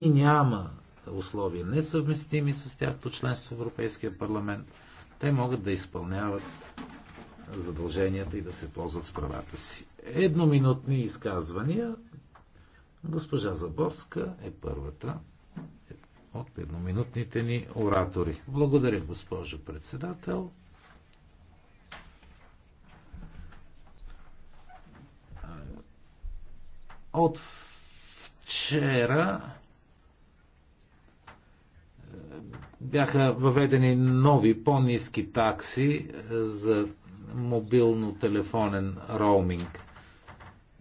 и няма условия несъвместими с тяхто членство в Европейския парламент, те могат да изпълняват задълженията и да се ползват с правата си. Едноминутни изказвания. Госпожа Заборска е първата от едноминутните ни оратори. Благодаря, госпожо председател. От вчера бяха въведени нови, по-низки такси е, за мобилно-телефонен роуминг.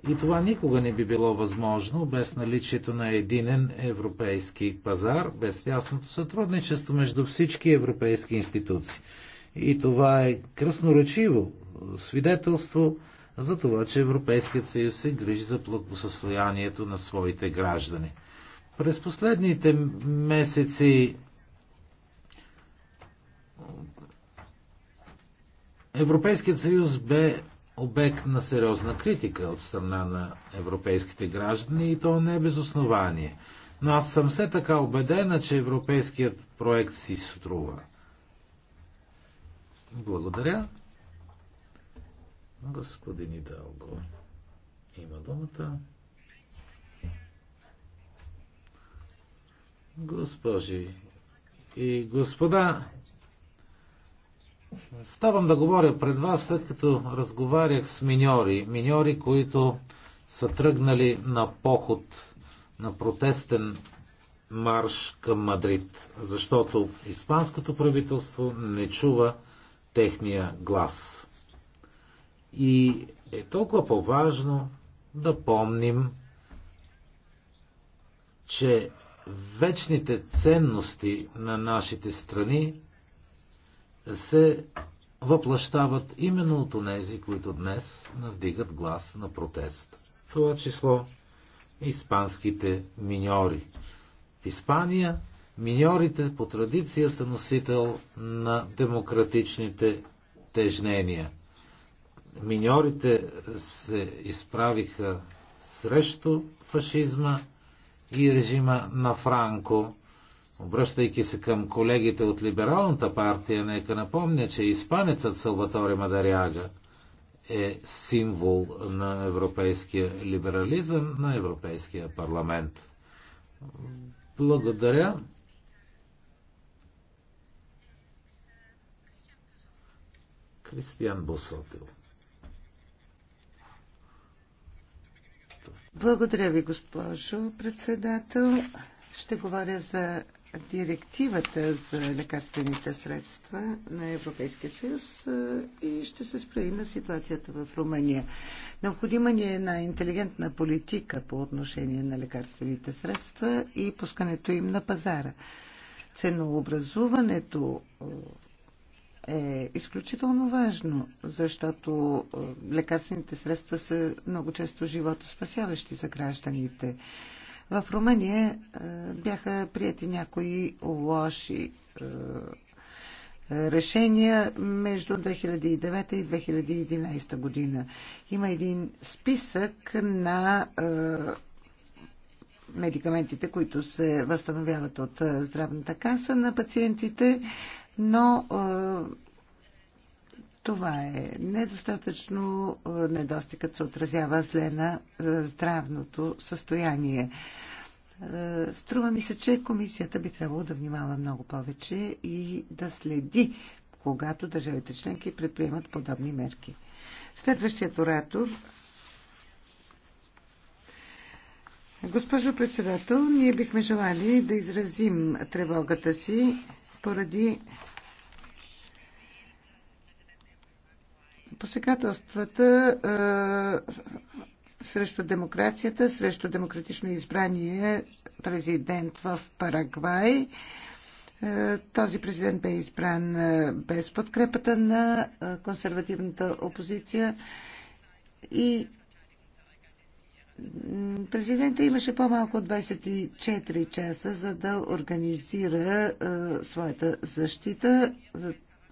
И това никога не би било възможно без наличието на единен европейски пазар, без ясното сътрудничество между всички европейски институции. И това е кръсноречиво свидетелство за това, че Европейският съюз се грижи за благосъстоянието на своите граждани. През последните месеци Европейският съюз бе обект на сериозна критика от страна на европейските граждани и то не е без основание. Но аз съм все така убедена, че европейският проект си струва. Благодаря. Господин Идалго има думата. Госпожи и господа, Ставам да говоря пред вас, след като разговарях с миньори. Миньори, които са тръгнали на поход, на протестен марш към Мадрид, защото испанското правителство не чува техния глас. И е толкова по-важно да помним, че вечните ценности на нашите страни се въплащават именно от онези, които днес навдигат глас на протест. В това число испанските миньори. В Испания миньорите по традиция са носител на демократичните тежнения. Миньорите се изправиха срещу фашизма и режима на Франко Обръщайки се към колегите от Либералната партия, нека напомня, че испанецът Салватори Мадаряга е символ на европейския либерализъм, на Европейския парламент. Благодаря. Кристиан Босотил. Благодаря ви, госпожо председател. Ще говоря за директивата за лекарствените средства на Европейския съюз и ще се спра и на ситуацията в Румъния. Необходима ни е една интелигентна политика по отношение на лекарствените средства и пускането им на пазара. Ценообразуването е изключително важно, защото лекарствените средства са много често живото спасяващи за гражданите. В Румъния е, бяха прияти някои лоши е, решения между 2009 и 2011 година. Има един списък на е, медикаментите, които се възстановяват от здравната каса на пациентите, но това е недостатъчно. Е, недостигът се отразява зле на е, здравното състояние. Е, струва ми се, че комисията би трябвало да внимава много повече и да следи, когато държавите членки предприемат подобни мерки. Следващият оратор Госпожо председател, ние бихме желали да изразим тревогата си поради Посегателствата а, срещу демокрацията, срещу демократично избрание президент в Парагвай. този президент бе избран без подкрепата на консервативната опозиция и Президента имаше по-малко от 24 часа, за да организира своята защита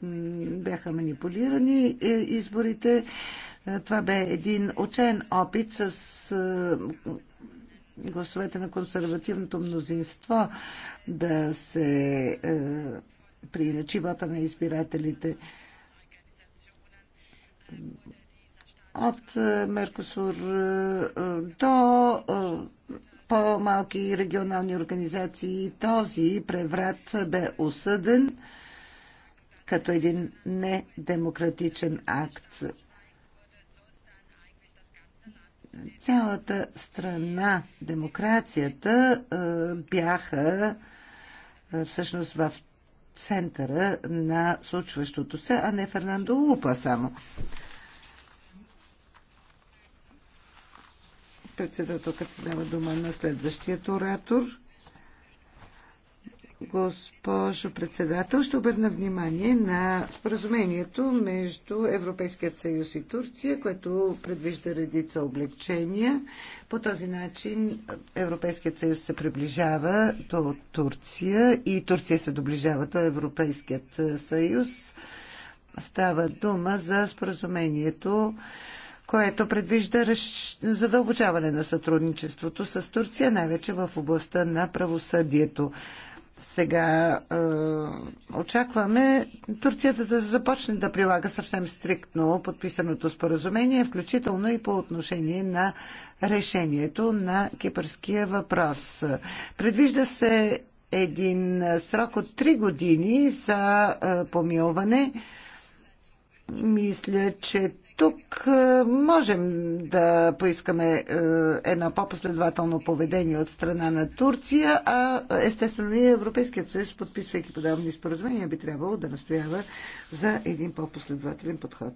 бяха манипулирани е, изборите. Е, това бе един отчаян опит с е, гласовете на консервативното мнозинство да се приречи вота на избирателите. От Меркосур до по-малки регионални организации този преврат бе осъден като един недемократичен акт. Цялата страна, демокрацията бяха всъщност в центъра на случващото се, а не Фернандо Лупа само. Председателката дава дума на следващия оратор. Госпожо председател, ще обърна внимание на споразумението между Европейският съюз и Турция, което предвижда редица облегчения. По този начин Европейският съюз се приближава до Турция и Турция се доближава до Европейският съюз. Става дума за споразумението което предвижда задълбочаване на сътрудничеството с Турция, най-вече в областта на правосъдието. Сега е, очакваме Турцията да започне да прилага съвсем стриктно подписаното споразумение, включително и по отношение на решението на кипърския въпрос. Предвижда се един срок от три години за е, помилване. Мисля, че тук е, можем да поискаме е, едно по-последователно поведение от страна на Турция, а естествено и Европейският съюз, подписвайки подобни споразумения, би трябвало да настоява за един по-последователен подход.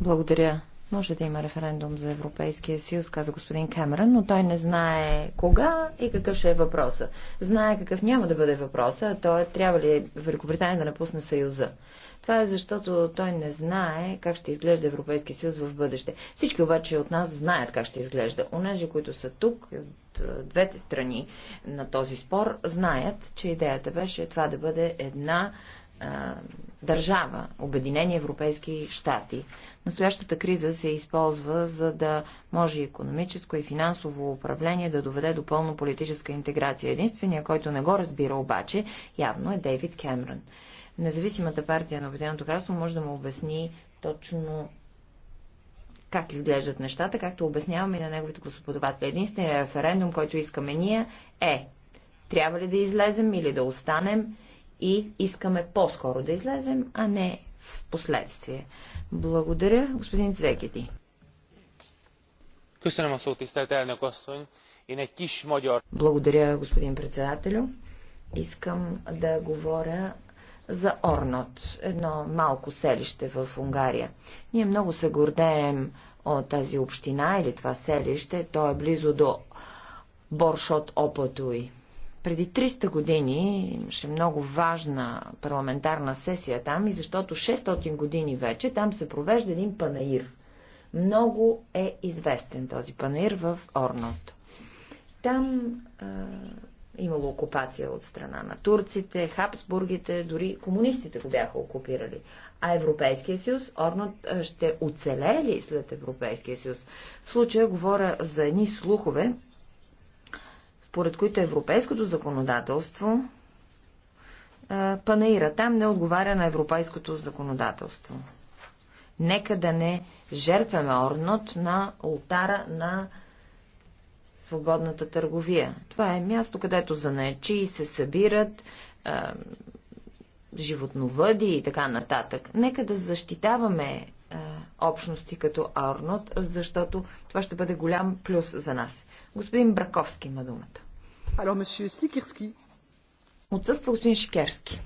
Благодаря. Може да има референдум за Европейския съюз, каза господин Камерън, но той не знае кога и какъв ще е въпроса. Знае какъв няма да бъде въпроса, а то е трябва ли Великобритания да напусне съюза. Това е защото той не знае как ще изглежда Европейски съюз в бъдеще. Всички обаче от нас знаят как ще изглежда. Онежи, които са тук от е, двете страни на този спор, знаят, че идеята беше това да бъде една а, е, държава, Обединени европейски щати. Настоящата криза се използва, за да може економическо и финансово управление да доведе до пълно политическа интеграция. Единствения, който не го разбира обаче, явно е Дейвид Кемерън независимата партия на Обединеното кралство може да му обясни точно как изглеждат нещата, както обясняваме и на неговите господователи. Единственият референдум, който искаме ние е трябва ли да излезем или да останем и искаме по-скоро да излезем, а не в последствие. Благодаря, господин Цвекети. Благодаря, господин председателю. Искам да говоря за Орнот, едно малко селище в Унгария. Ние много се гордеем от тази община или това селище. То е близо до Боршот Опатуй. Преди 300 години имаше много важна парламентарна сесия там и защото 600 години вече там се провежда един панаир. Много е известен този панаир в Орнот. Там имало окупация от страна на турците, хабсбургите, дори комунистите го бяха окупирали. А Европейския съюз, Орнот ще оцелее ли след Европейския съюз? В случая говоря за едни слухове, според които европейското законодателство панаира там не отговаря на европейското законодателство. Нека да не жертваме Орнот на ултара на свободната търговия. Това е място, където и се събират а, животновъди и така нататък. Нека да защитаваме а, общности като Арнот, защото това ще бъде голям плюс за нас. Господин Браковски има думата. Ало, месье Сикирски. Отсъства господин Шикерски.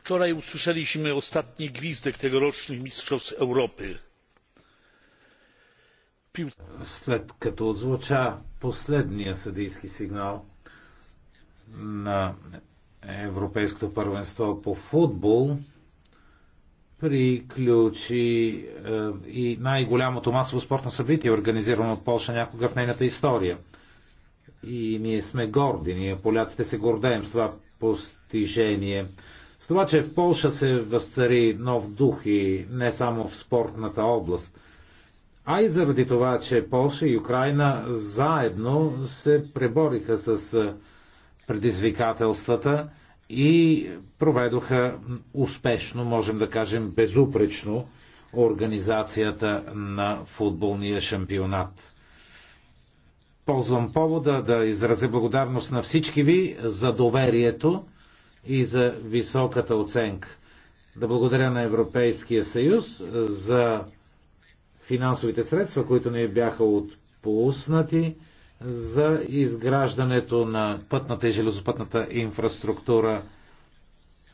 Wczoraj остатни гвиздък тегорочни tegorocznych с Европи. След като звуча последния съдийски сигнал на Европейското първенство по футбол, приключи е, и най-голямото масово спортно събитие, организирано от Польша някога в нейната история. И ние сме горди, ние поляците се гордеем с това постижение. С това, че в Польша се възцари нов дух и не само в спортната област – а и заради това, че Полша и Украина заедно се пребориха с предизвикателствата и проведоха успешно, можем да кажем безупречно, организацията на футболния шампионат. Ползвам повода да изразя благодарност на всички ви за доверието и за високата оценка. Да благодаря на Европейския съюз за финансовите средства, които ни бяха отпуснати за изграждането на пътната и железопътната инфраструктура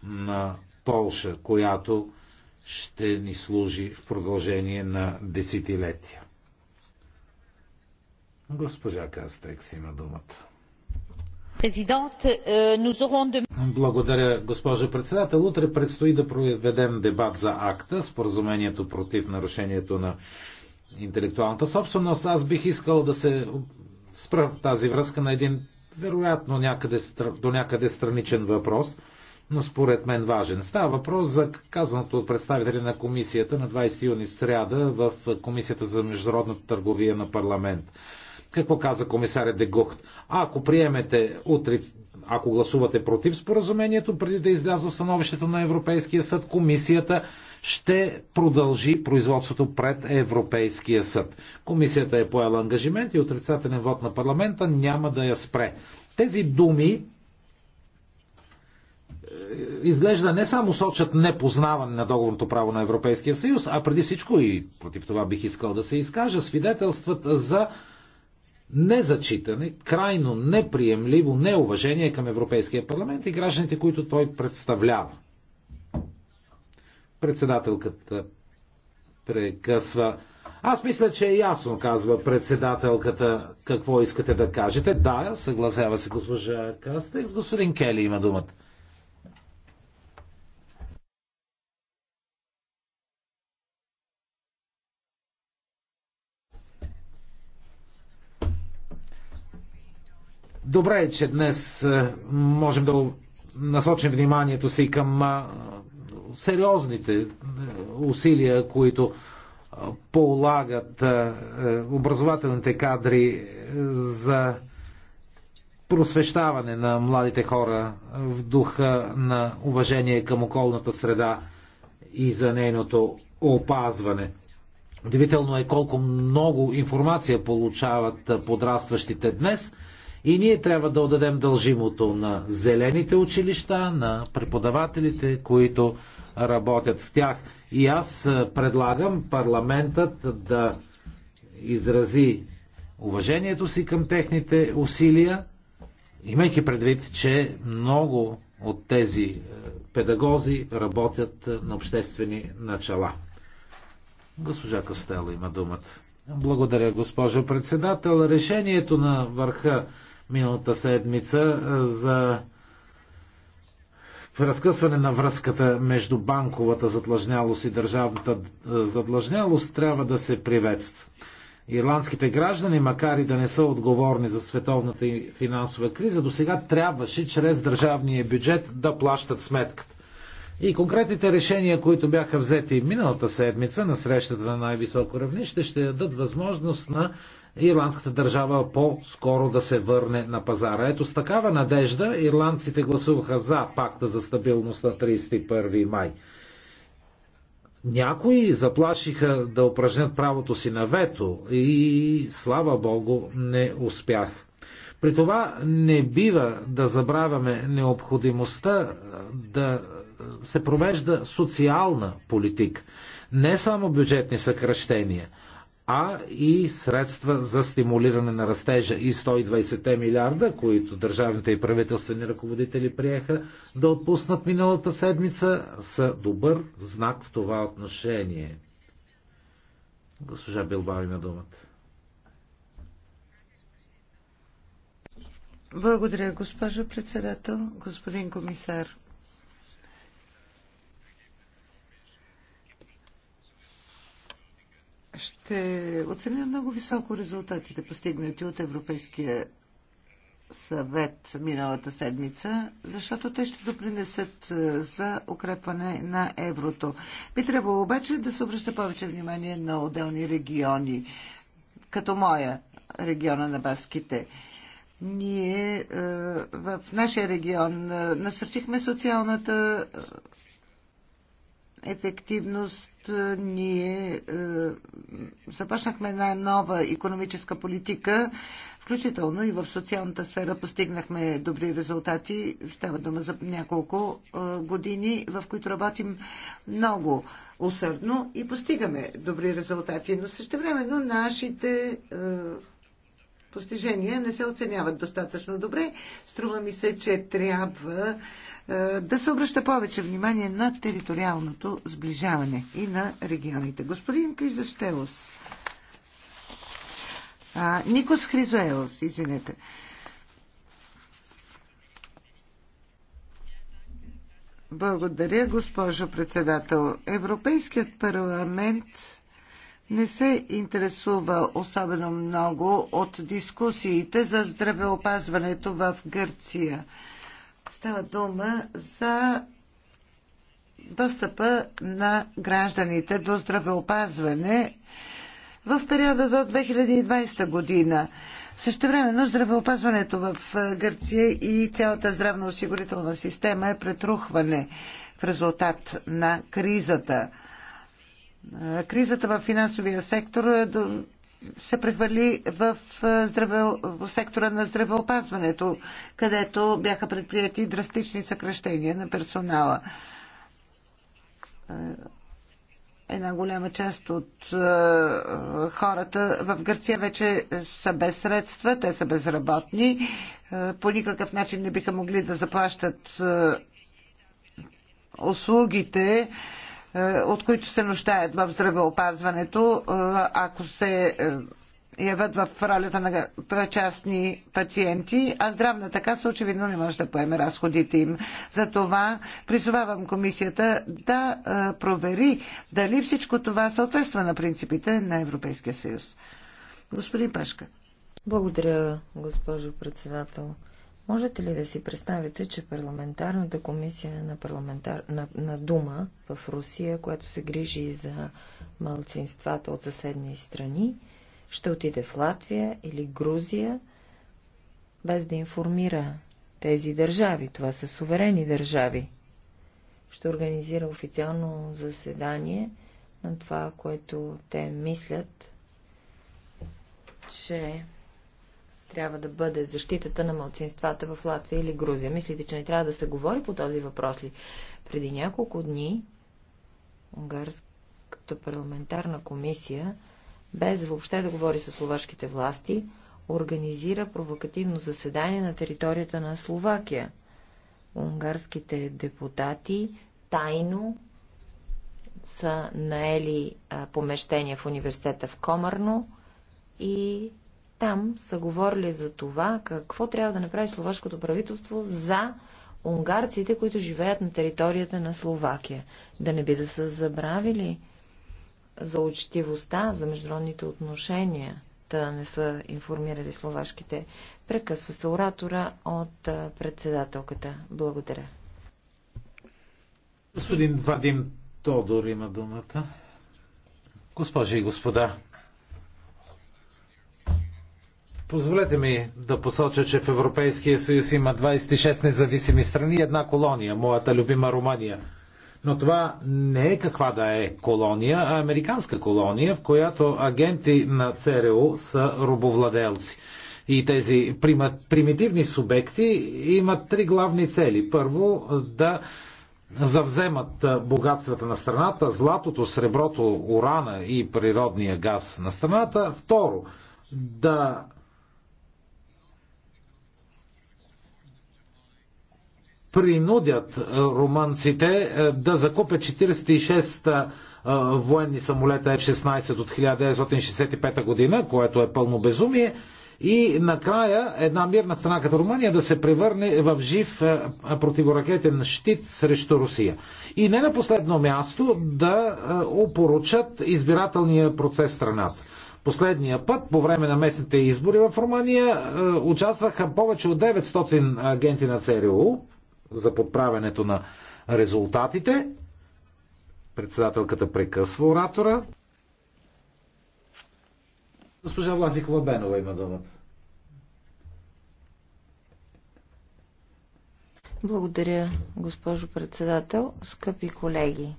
на Полша, която ще ни служи в продължение на десетилетия. Госпожа Кастекс има думата. Е, Благодаря, госпожо председател. Утре предстои да проведем дебат за акта, споразумението против нарушението на интелектуалната собственост. Аз бих искал да се спра в тази връзка на един вероятно някъде, до някъде страничен въпрос, но според мен важен. Става въпрос за казаното от представители на комисията на 20 юни сряда в Комисията за международната търговия на парламент. Какво каза комисаря Дегухт? Ако приемете утре, ако гласувате против споразумението, преди да изляза становището на Европейския съд, комисията ще продължи производството пред Европейския съд. Комисията е поела ангажимент и отрицателен вод на парламента няма да я спре. Тези думи е, изглежда не само сочат непознаване на договорното право на Европейския съюз, а преди всичко и против това бих искал да се изкажа, свидетелстват за незачитане, крайно неприемливо неуважение към Европейския парламент и гражданите, които той представлява. Председателката прекъсва. Аз мисля, че е ясно, казва председателката, какво искате да кажете. Да, съгласява се госпожа Кастекс. Господин Кели има думата. Добре е, че днес е, можем да насочим вниманието си към е, сериозните е, усилия, които полагат образователните кадри за просвещаване на младите хора в духа на уважение към околната среда и за нейното опазване. Удивително е колко много информация получават подрастващите днес – и ние трябва да отдадем дължимото на зелените училища, на преподавателите, които работят в тях. И аз предлагам парламентът да изрази уважението си към техните усилия, имайки предвид, че много от тези педагози работят на обществени начала. Госпожа Костела има думата. Благодаря, госпожо председател. Решението на върха миналата седмица за разкъсване на връзката между банковата задлъжнялост и държавната задлъжнялост трябва да се приветства. Ирландските граждани, макар и да не са отговорни за световната финансова криза, до сега трябваше чрез държавния бюджет да плащат сметката. И конкретните решения, които бяха взети миналата седмица на срещата на най-високо равнище, ще дадат възможност на ирландската държава по-скоро да се върне на пазара. Ето с такава надежда ирландците гласуваха за пакта за стабилност на 31 май. Някои заплашиха да упражнят правото си на вето и слава Богу не успях. При това не бива да забравяме необходимостта да се провежда социална политика. Не само бюджетни съкръщения – а и средства за стимулиране на растежа и 120 милиарда, които държавните и правителствени ръководители приеха да отпуснат миналата седмица, са добър знак в това отношение. Госпожа Билбао има думата. Благодаря, госпожо председател, господин комисар. Ще оценя много високо резултатите, постигнати от Европейския съвет миналата седмица, защото те ще допринесат е, за укрепване на еврото. Би трябвало обаче да се обръща повече внимание на отделни региони, като моя региона на Баските. Ние е, в нашия регион е, насърчихме социалната ефективност е, ние е, започнахме една нова економическа политика, включително и в социалната сфера постигнахме добри резултати. Става дума за няколко е, години, в които работим много усърдно и постигаме добри резултати. Но времено нашите е, постижения не се оценяват достатъчно добре. Струва ми се, че трябва е, да се обръща повече внимание на териториалното сближаване и на регионите. Господин Кризащелос, а, Никос Хризоелос, извинете. Благодаря, госпожо председател. Европейският парламент не се интересува особено много от дискусиите за здравеопазването в Гърция. Става дума за достъпа на гражданите до здравеопазване в периода до 2020 година. Същевременно здравеопазването в Гърция и цялата здравноосигурителна система е претрухване в резултат на кризата – Кризата в финансовия сектор е, се превали в е, здраве, сектора на здравеопазването, където бяха предприяти драстични съкрещения на персонала. Е, една голяма част от хората в Гърция вече са без средства, те са безработни, по никакъв начин не биха могли да заплащат услугите, е, от които се нуждаят в здравеопазването, е, ако се е, яват в ролята на частни пациенти, а здравната каса очевидно не може да поеме разходите им. Затова призовавам комисията да провери дали всичко това съответства на принципите на Европейския съюз. Господин Пашка. Благодаря, госпожо председател. Можете ли да си представите, че парламентарната комисия на, парламентар... на, на Дума в Русия, която се грижи за малцинствата от съседни страни, ще отиде в Латвия или Грузия, без да информира тези държави? Това са суверени държави. Ще организира официално заседание на това, което те мислят, че трябва да бъде защитата на младсинствата в Латвия или Грузия? Мислите, че не трябва да се говори по този въпрос ли? Преди няколко дни Унгарската парламентарна комисия, без въобще да говори с словашките власти, организира провокативно заседание на територията на Словакия. Унгарските депутати тайно са наели помещение в университета в Комарно и там са говорили за това, какво трябва да направи словашкото правителство за унгарците, които живеят на територията на Словакия. Да не би да са забравили за учтивостта, за международните отношения, да не са информирали словашките. Прекъсва се оратора от председателката. Благодаря. Господин Вадим Тодор има думата. Госпожи и господа, Позволете ми да посоча, че в Европейския съюз има 26 независими страни и една колония, моята любима Румъния. Но това не е каква да е колония, а американска колония, в която агенти на ЦРУ са робовладелци. И тези примитивни субекти имат три главни цели. Първо, да завземат богатствата на страната, златото, среброто, урана и природния газ на страната. Второ, да принудят е, румънците е, да закупят 46 е, военни самолета F-16 от 1965 година, което е пълно безумие, и накрая една мирна страна като Румъния да се превърне в жив противоракетен щит срещу Русия. И не на последно място да опоручат избирателния процес страната. Последния път, по време на местните избори в Румъния, участваха повече от 900 агенти на ЦРУ, за подправянето на резултатите. Председателката прекъсва оратора. Госпожа Власикова Бенова има думата. Благодаря, госпожо председател, скъпи колеги.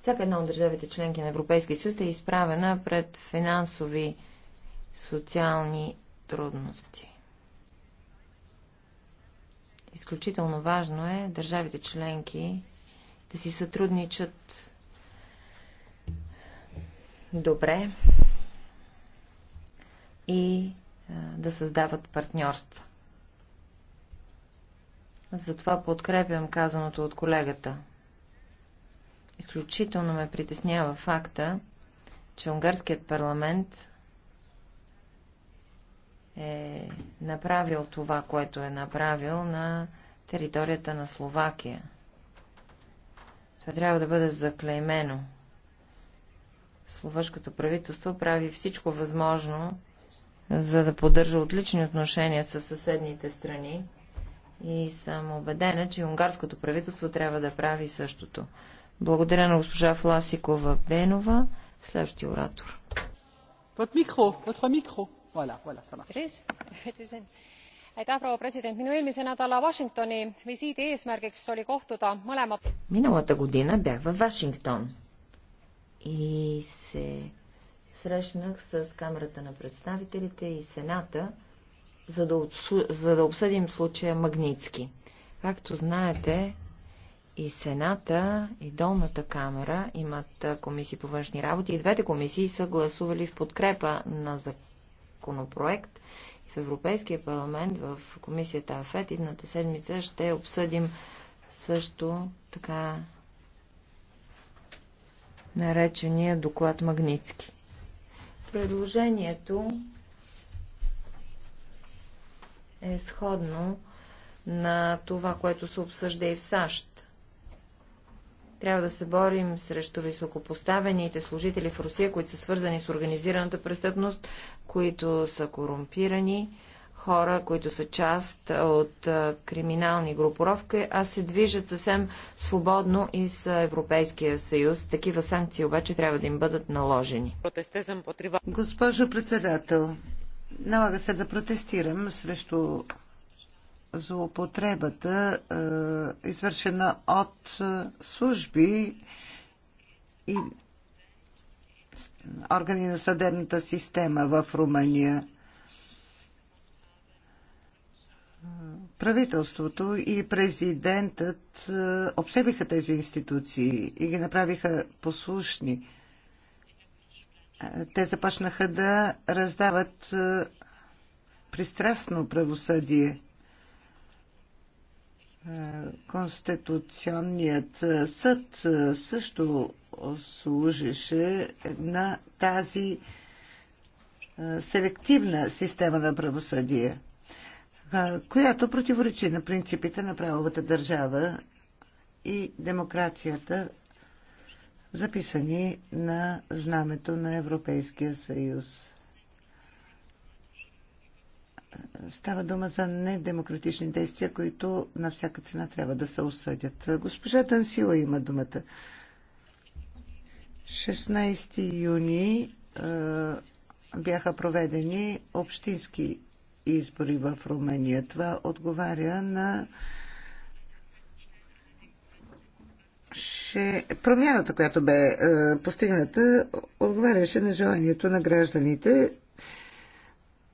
Всяка една от държавите членки на Европейския съюз е изправена пред финансови, социални трудности. Изключително важно е държавите членки да си сътрудничат добре и да създават партньорства. Затова подкрепям казаното от колегата. Изключително ме притеснява факта, че унгарският парламент е направил това, което е направил на територията на Словакия. Това трябва да бъде заклеймено. Словашкото правителство прави всичко възможно, за да поддържа отлични отношения с съседните страни и съм убедена, че унгарското правителство трябва да прави същото. Благодаря на госпожа Фласикова Бенова, следващия оратор. Под микро, под микро. Миналата година бях във Вашингтон и се срещнах с Камерата на представителите и Сената, за да, отсу... за да обсъдим случая Магницки. Както знаете, и Сената, и Долната камера имат комисии по външни работи. И двете комисии са гласували в подкрепа на законопроект. В Европейския парламент, в комисията АФЕТ, едната седмица ще обсъдим също така наречения доклад Магницки. Предложението е сходно на това, което се обсъжда и в САЩ. Трябва да се борим срещу високопоставените служители в Русия, които са свързани с организираната престъпност, които са корумпирани, хора, които са част от криминални групировки, а се движат съвсем свободно и с Европейския съюз. Такива санкции обаче трябва да им бъдат наложени. Госпожо председател, налага се да протестирам срещу злоупотребата, е, извършена от е, служби и органи на съдебната система в Румъния. Правителството и президентът е, обсебиха тези институции и ги направиха послушни. Те започнаха да раздават пристрастно правосъдие. Е, Конституционният е, съд е, също служеше на тази селективна система на правосъдие, която противоречи на принципите на правовата държава и демокрацията, записани на знамето на Европейския съюз. Става дума за недемократични действия, които на всяка цена трябва да се осъдят. Госпожа Тансила има думата. 16 юни бяха проведени общински избори в Румъния. Това отговаря на Ше... промяната, която бе е, постигната, отговаряше на желанието на гражданите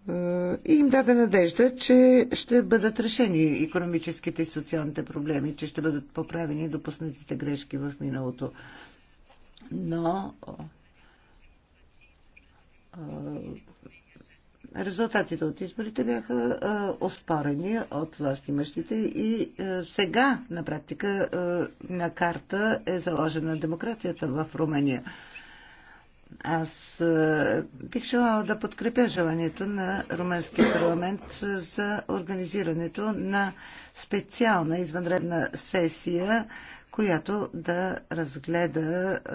е, и им даде надежда, че ще бъдат решени економическите и социалните проблеми, че ще бъдат поправени допуснатите грешки в миналото. Но е, резултатите от изборите бяха е, оспорени от властимащите и сега на практика на карта е заложена демокрацията в Румъния. Аз е, бих желала да подкрепя желанието на Румънския парламент за организирането на специална извънредна сесия, която да разгледа е,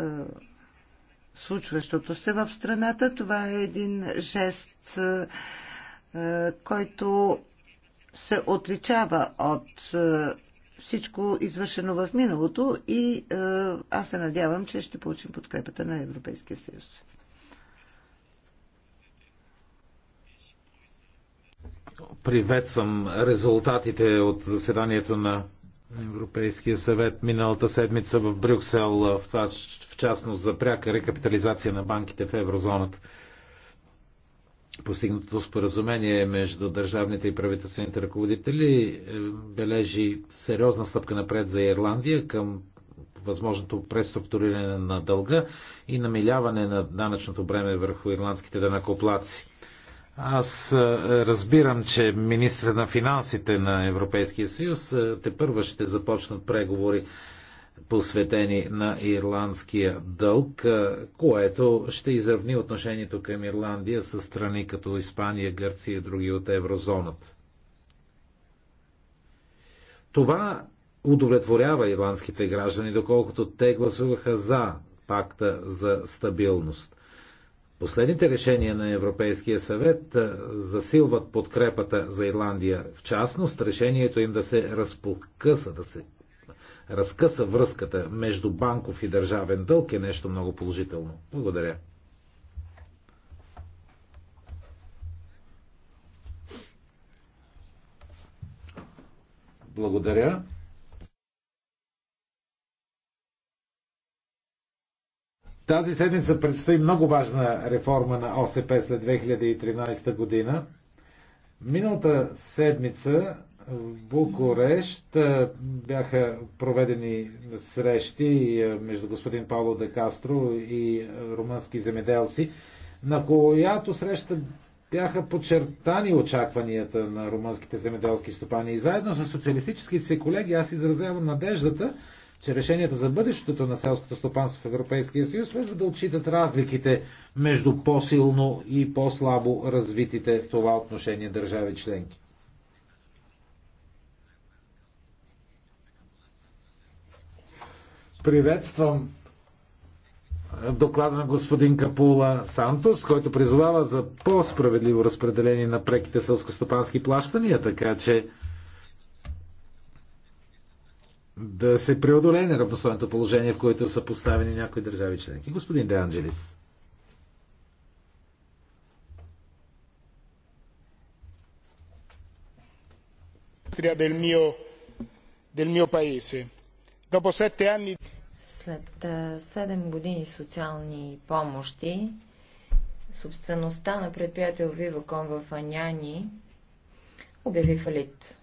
случващото се в страната. Това е един жест, е, който се отличава от всичко извършено в миналото и е, аз се надявам, че ще получим подкрепата на Европейския съюз. Приветствам резултатите от заседанието на Европейския съвет миналата седмица в Брюксел, в това в частност за пряка рекапитализация на банките в еврозоната. Постигнатото споразумение между държавните и правителствените ръководители е, бележи сериозна стъпка напред за Ирландия към възможното преструктуриране на дълга и намиляване на данъчното бреме върху ирландските данакоплаци. Аз е, разбирам, че министра на финансите на Европейския съюз е, те първа ще започнат преговори посветени на ирландския дълг, което ще изравни отношението към Ирландия с страни като Испания, Гърция и други от еврозоната. Това удовлетворява ирландските граждани, доколкото те гласуваха за пакта за стабилност. Последните решения на Европейския съвет засилват подкрепата за Ирландия, в частност решението им да се разпокъса, да се разкъса връзката между банков и държавен дълг е нещо много положително. Благодаря. Благодаря. Тази седмица предстои много важна реформа на ОСП след 2013 година. Миналата седмица в Букурещ бяха проведени срещи между господин Павло де Кастро и румънски земеделци, на която среща бяха подчертани очакванията на румънските земеделски стопани. И заедно с социалистическите си колеги аз изразявам надеждата, че решенията за бъдещето на селското стопанство в Европейския съюз следва да отчитат разликите между по-силно и по-слабо развитите в това отношение държави членки. Приветствам доклада на господин Капула Сантос, който призовава за по-справедливо разпределение на преките сълскостопански плащания, така че да се преодолее неравностойното положение, в което са поставени някои държави членки. Господин Де Анджелис. del mio, del mio paese. Dopo sette anni след 7 години социални помощи, собствеността на предприятел Виваком в Аняни обяви фалит.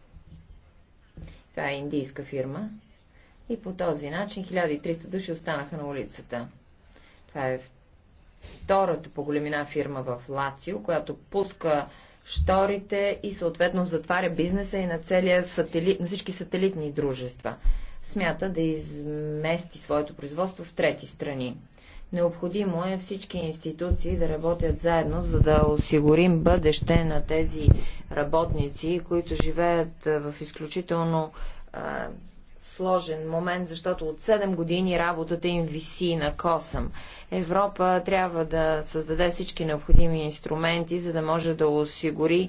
Това е индийска фирма. И по този начин 1300 души останаха на улицата. Това е втората по големина фирма в Лацио, която пуска шторите и съответно затваря бизнеса и на, целия сателит, на всички сателитни дружества смята да измести своето производство в трети страни. Необходимо е всички институции да работят заедно, за да осигурим бъдеще на тези работници, които живеят в изключително а, сложен момент, защото от 7 години работата им виси на косъм. Европа трябва да създаде всички необходими инструменти, за да може да осигури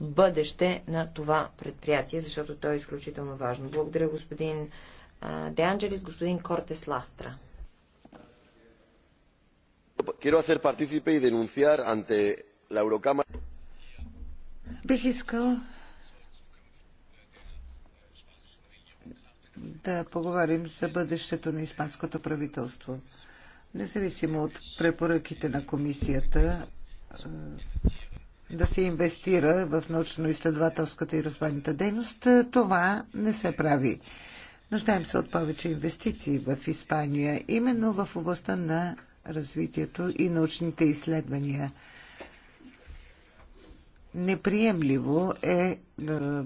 бъдеще на това предприятие, защото то е изключително важно. Благодаря господин Деанджелис, господин Кортес Ластра. Quiero hacer partícipe y denunciar ante la Eurocámara. Бих искал да поговорим за бъдещето на испанското правителство. Независимо от препоръките на комисията, да се инвестира в научно-изследователската и развойната дейност. Това не се прави. Нуждаем се от повече инвестиции в Испания, именно в областта на развитието и научните изследвания. Неприемливо е, е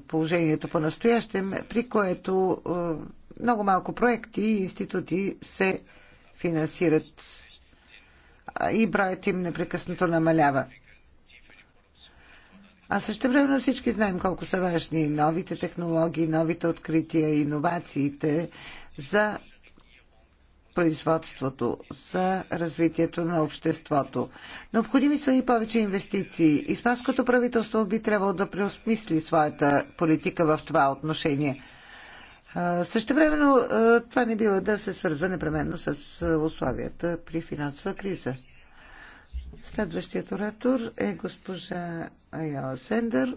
положението по настоящем, при което е, много малко проекти и институти се финансират и броят им непрекъснато намалява. А също време всички знаем колко са важни новите технологии, новите открития, иновациите за производството, за развитието на обществото. Необходими са и повече инвестиции. Испанското правителство би трябвало да преосмисли своята политика в това отношение. Също време това не бива да се свързва непременно с условията при финансова криза. Следващият оратор е госпожа Айала Сендър.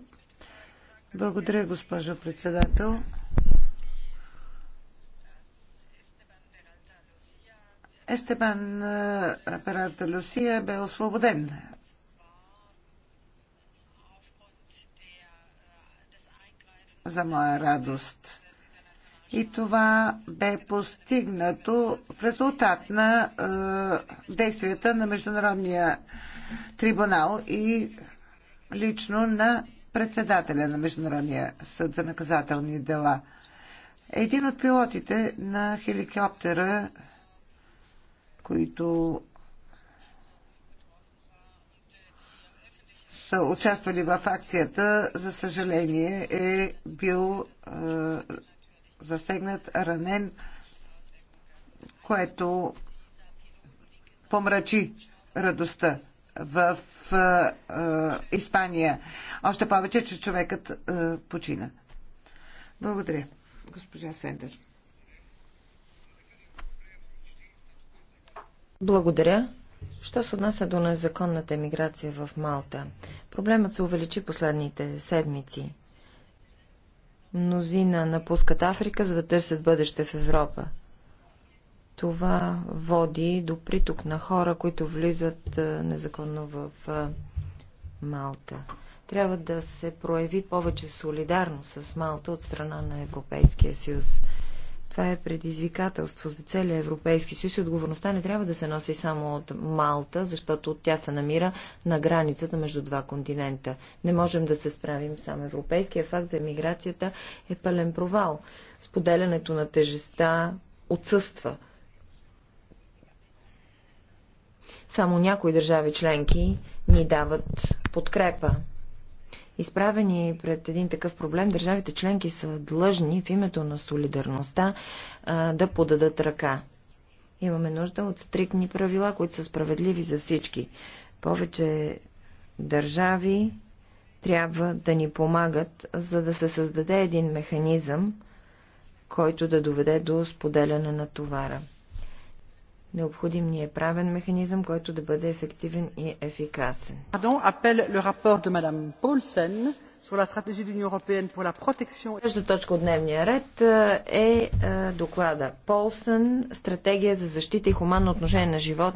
Благодаря, госпожо председател. Естебан Апарата Люсия бе освободен. За моя радост. И това бе постигнато в резултат на е, действията на Международния трибунал и лично на председателя на Международния съд за наказателни дела. Един от пилотите на хеликоптера, които са участвали в акцията, за съжаление е бил е, засегнат, ранен, което помрачи радостта в а, а, Испания. Още повече, че човекът а, почина. Благодаря, госпожа Сендер. Благодаря. Що се отнася до незаконната емиграция в Малта? Проблемът се увеличи последните седмици. Мнозина напускат Африка, за да търсят бъдеще в Европа. Това води до приток на хора, които влизат незаконно в Малта. Трябва да се прояви повече солидарност с Малта от страна на Европейския съюз. Това е предизвикателство за целия Европейски съюз и отговорността не трябва да се носи само от Малта, защото тя се намира на границата между два континента. Не можем да се справим само. Европейския факт за миграцията е пълен провал. Споделянето на тежеста отсъства. Само някои държави членки ни дават подкрепа изправени пред един такъв проблем, държавите членки са длъжни в името на солидарността да подадат ръка. Имаме нужда от стриктни правила, които са справедливи за всички. Повече държави трябва да ни помагат, за да се създаде един механизъм, който да доведе до споделяне на товара. Необходим ни е правен механизъм, който да бъде ефективен и ефикасен. Следващата точка от дневния ред е, е доклада Полсън, стратегия за защита и хуманно отношение на животни